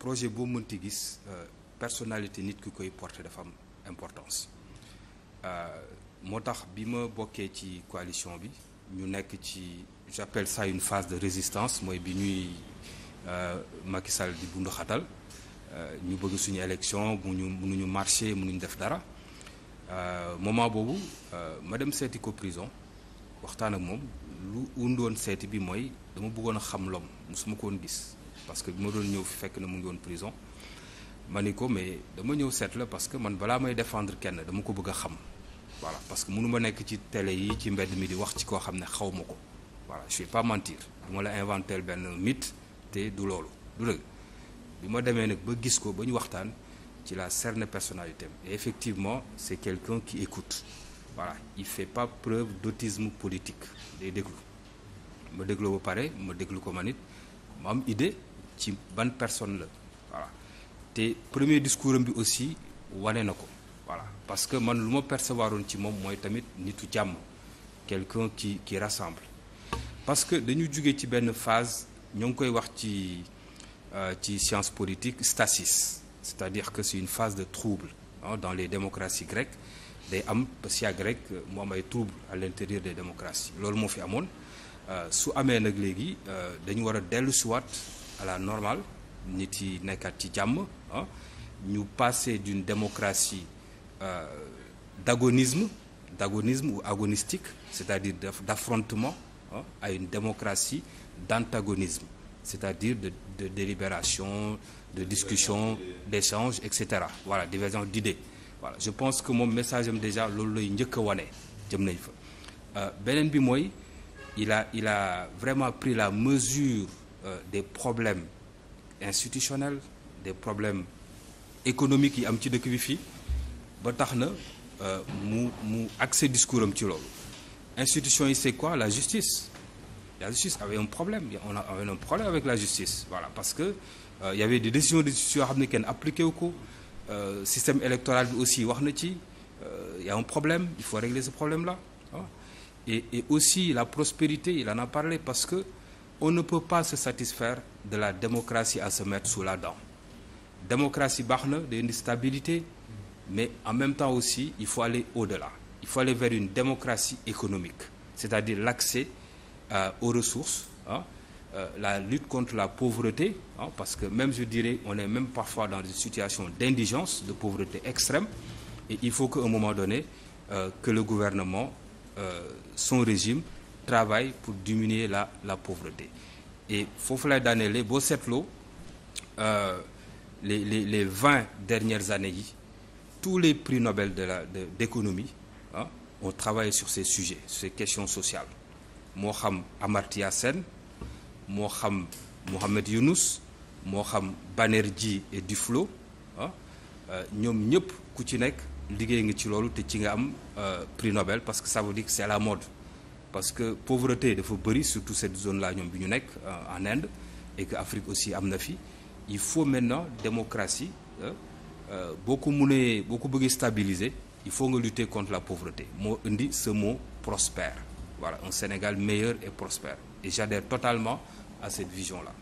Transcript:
projet boo mënti gis euh, personnalité nit ki koy porter dafa am importance euh, moo tax bi ma bokkee ci coalition bi ñu nekk ci j'appelle ça une phase de résistance mooy bi ñuy euh, Macky Sall di bundu xatal ñu bëgg suñu élection mu ñu mu marché ñu def dara moment boobu ma dem seeti ko prison waxtaan ak moom lu undoon seeti bi mooy dama buggoon a xam l'homme musuma ko woon gis parce que bu ma doon ñëw fi fekk na mu ngi woon prison ma ni ko mais dama ñëw seet la parce que man balaa may défendre kenn dama ko bëgg a xam voilà parce que mënu ma nekk ci télé yi ci mbedd mi di wax ci koo xam ne xaw ma ko voilà je vais pas mentir du ma la inventel benn mythe te du loolu du dëgg bi ma demee nag ba gis ko ba ñu waxtaan ci la cerne personnalité et effectivement c'est quelqu'un qui écoute voilà il fait pas preuve d'autisme politique day déglu ma ba pare ma déglu ko ma am ci ban personne la voilà te premier discours bi aussi wane na ko voilà parce que man lu ma percevoir woon ci moom mooy tamit nitu jàmm quelqu'un qui qui rassemble parce que dañu jugee ci benn phase ñoo ngi koy wax ci euh, ci science politique stasis c'est-à-dire que c'est une phase de trouble hein, dans les démocraties grecques day am sia grecque euh, mu am ay trouble à l'intérieur des démocraties loolu moo fi amoon euh, su amee nag léegi dañu war a à la nit yi nekkaat ci jàmm ah ñu passer d'une démocratie euh, d'agonisme d'agonisme ou agonistique c'est-à-dire d'affrontement ah, à une démocratie d'antagonisme c'est-à-dire de, de délibération de discussion d'échange etc voilà divergence d'idées voilà je pense que moom message am déjà loolu lay njëkk a wane jëm nañ fa euh, beneen bi mooy il il a vraiment pris la mesure Euh, des problèmes institutionnels des problèmes économiques yi am ci dëkk bi fii ba tax na euh, mu mu accès discours am ci loolu institution yi c'est quoi la justice la justice avait un problème on avait un problème avec la justice voilà parce que euh, il avait des décisions de justice yoo xam ne kenn appliqué wu ko euh, système électoral bi aussi wax na ci il y a un problème il faut régler ce problème là et aussi la prospérité il en a parlé on ne peut pas se satisfaire de la démocratie à se mettre sous la dent démocratie baax na day indi stabilité mais en même temps aussi il faut aller au-delà il faut aller vers une démocratie économique c'est-à-dire l'accès euh, aux ressources hein, euh, la lutte contre la pauvreté hein, parce que même je dirais on est même parfois dans une situation d'indigence de pauvreté extrême et il faut qu'à un moment donné euh, que le gouvernement euh, son régime travaillent pour diminuer la la pauvreté et foofu lay daanelee boo seetloo euh, les les les vingt dernières années yi tous les prix Nobel de la de d'économie ah ont travaillé sur ces sujets sur ces questions sociales moo xam Amartya Sen moo xam Mohamed Yunus moo xam Banerjee et Duflo ah ñoom ñëpp ku ci nekk liggéey nga ci loolu te ci nga am euh, prix Nobel parce que ça veut dire que c'est à parce que pauvreté dafa bëri surtout cette zone là ñoom bi ñu nekk euh, en Inde et que Afrique aussi am na fi il faut maintenant démocratie euh, euh, boo ko mënee boo ko bëggee stabiliser il faut nga lutter contre la pauvreté moo indi ce mot prospère voilà un Sénégal meilleur et prospère et j'adhère totalement à cette vision là